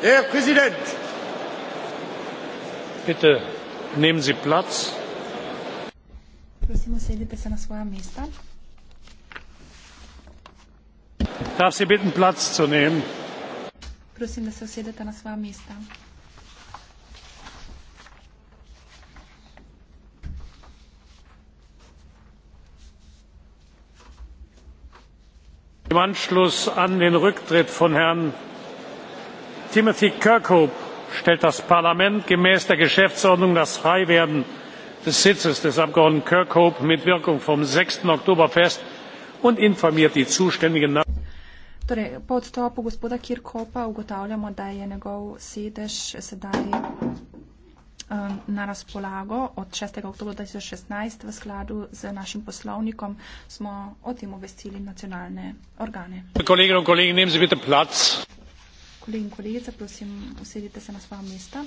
Herr Präsident! Bitte nehmen Sie Platz. Darf Sie bitten, Platz zu nehmen? Prosim, da se na svoja mesta. Im Anschluss an den Rücktritt von Herrn timothy kirkhope stellt das parlament gemäß der geschäftsordnung das freiwerden des sitzes des abgeordneten kirkhope mit wirkung vom. sechs oktober fest und informiert die zuständigen Torej, po odstopu gospoda Kirkopa ugotavljamo, da je njegov sedež sedaj um, na razpolago od 6. oktober 2016 v skladu z našim poslovnikom. Smo o tem obvestili nacionalne organe. Kolegi in kolegi, nemzi bitte plac kolegi in kolegice, prosim, usedite se na svoja mesta.